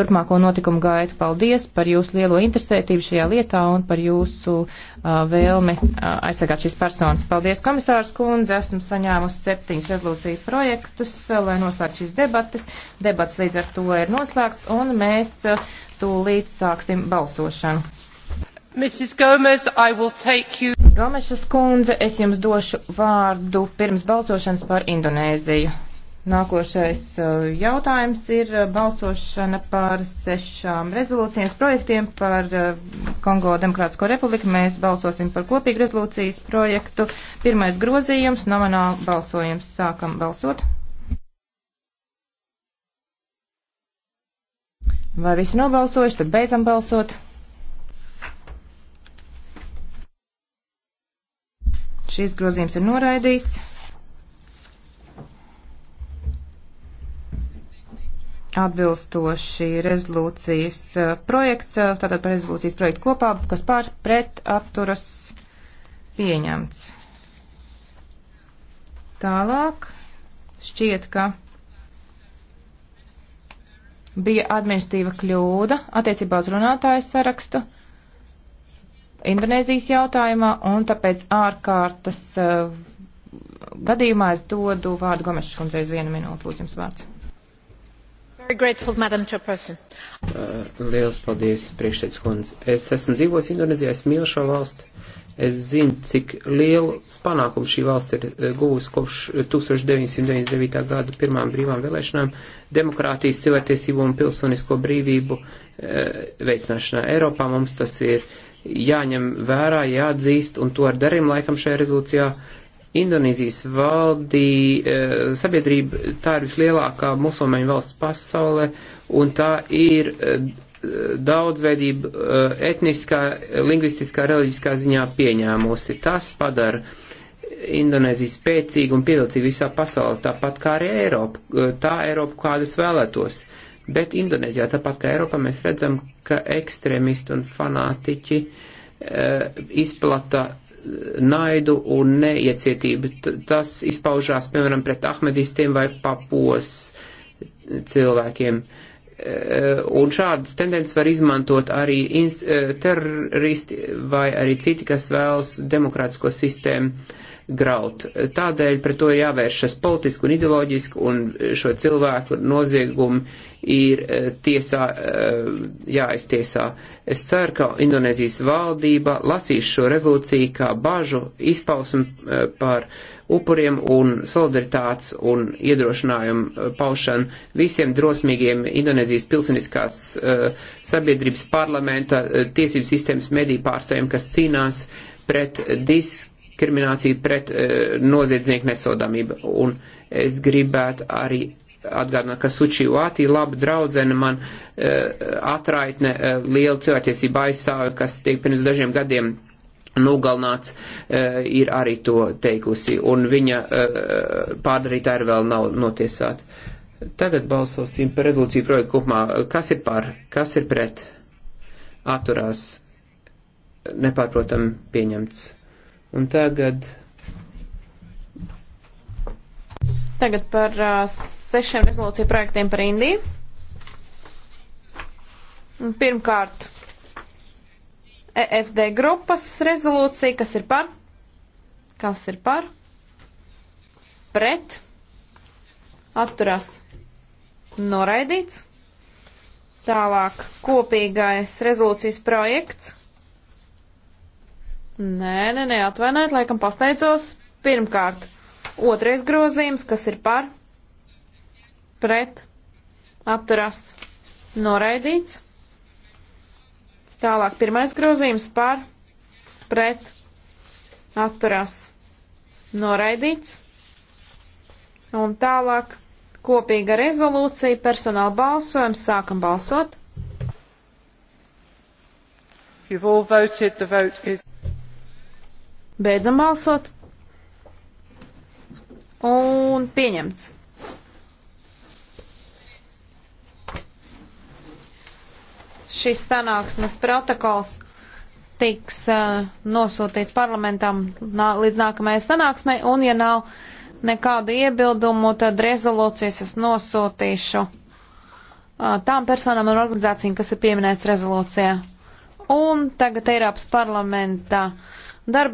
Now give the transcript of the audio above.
turpmāko notikumu gaitu. Paldies par jūsu lielo interesētību šajā lietā un par jūsu uh, vēlmi uh, aizsargāt šīs personas. Paldies, komisārs kundze. Esmu saņēmusi septiņus rezolūciju projektus, uh, lai noslēgtu šīs debatas. Debats līdz ar to ir noslēgts un mēs uh, tūlīt sāksim balsošanu. Mrs. Gomez, I will take you. Gomešas kundze, es jums došu vārdu pirms balsošanas par Indonēziju. Nākošais uh, jautājums ir uh, balsošana par sešām rezolūcijas projektiem par uh, Kongo Demokrātisko republiku. Mēs balsosim par kopīgu rezolūcijas projektu. Pirmais grozījums, nomināli balsojums. Sākam balsot. Vai visi nobalsojuši, tad beidzam balsot. Šis grozījums ir noraidīts. atbilstoši rezolūcijas eh, projekts, eh, tātad par rezolūcijas projektu kopā, kas pār pret apturas pieņemts. Tālāk šķiet, ka bija administratīva kļūda attiecībā uz runātāju sarakstu Indonēzijas jautājumā, un tāpēc ārkārtas uh, gadījumā es dodu vārdu Gomešas kundzei uz vienu minūtu, lūdzu jums vārds. Uh, liels paldies, priekšsēdus kundze. Es esmu dzīvojis Indonēzijā, es mīlu šo valsti. Es zinu, cik lielu panākumu šī valsts ir uh, guvusi kopš 1999. gada pirmām brīvām vēlēšanām, demokrātijas, cilvēktiesību un pilsonisko brīvību uh, veicināšanā Eiropā. Mums tas ir jāņem vērā, jāatzīst, un to ar darījumu laikam šajā rezolūcijā uh, Indonīzijas valdī, e, sabiedrība, tā ir vislielākā musulmaņu valsts pasaulē, un tā ir e, daudzveidību e, etniskā, lingvistiskā, reliģiskā ziņā pieņēmusi. Tas padara Indonēziju spēcīgu un pievilcīgu visā pasaulē, tāpat kā arī Eiropa, tā Eiropa, kādas vēlētos. Bet Indonēzijā, tāpat kā Eiropā, mēs redzam, ka ekstrēmisti un fanātiķi uh, izplata naidu un neiecietību. Tas izpaužās, piemēram, pret ahmedistiem vai papos cilvēkiem. E, un šādas tendences var izmantot arī e, teroristi vai arī citi, kas vēlas demokrātisko sistēmu graut. Tādēļ pret to ir jāvēršas politiski un ideoloģiski, un šo cilvēku noziegumu ir e, tiesā, e, jāiztiesā. Es ceru, ka Indonēzijas valdība lasīs šo rezolūciju kā bažu izpausmu e, par upuriem un solidaritātes un iedrošinājumu paušanu visiem drosmīgiem Indonēzijas pilsoniskās uh, sabiedrības parlamenta, tiesības sistēmas mediju pārstāvjiem, kas cīnās pret disk diskrimināciju, pret e, noziedznieku nesodamību. Un es gribētu arī atgādināt, ka Suči Vātī, laba draudzene, man e, atraitne e, liela cilvēktiesība aizstāve, kas tiek pirms dažiem gadiem nogalnāts, e, ir arī to teikusi. Un viņa e, pārdarītā ir vēl nav notiesāta. Tagad balsosim par rezolūciju projektu kopumā. Kas ir par? Kas ir pret? Atturās nepārprotam pieņemts. Un tagad. Tagad par uh, sešiem rezolūciju projektiem par Indiju. Un pirmkārt, EFD grupas rezolūcija, kas ir par? Kas ir par? Pret? Atturās. Noraidīts. Tālāk kopīgais rezolūcijas projekts Nē, nē, nē, atvainojiet, laikam pasteidzos. Pirmkārt, otrais grozījums, kas ir par, pret, apturas, noraidīts. Tālāk, pirmais grozījums par, pret, atturas, noraidīts. Un tālāk, kopīga rezolūcija, personāla balsojums, sākam balsot. You've all voted, the vote is Beidzam balsot. Un pieņemts. Šis sanāksmes protokols tiks uh, nosūtīts parlamentam nā, līdz nākamajai sanāksmei, un ja nav nekādu iebildumu, tad rezolūcijas es nosūtīšu uh, tām personām un organizācijām, kas ir pieminēts rezolūcijā. Un tagad Eiropas parlamenta darba.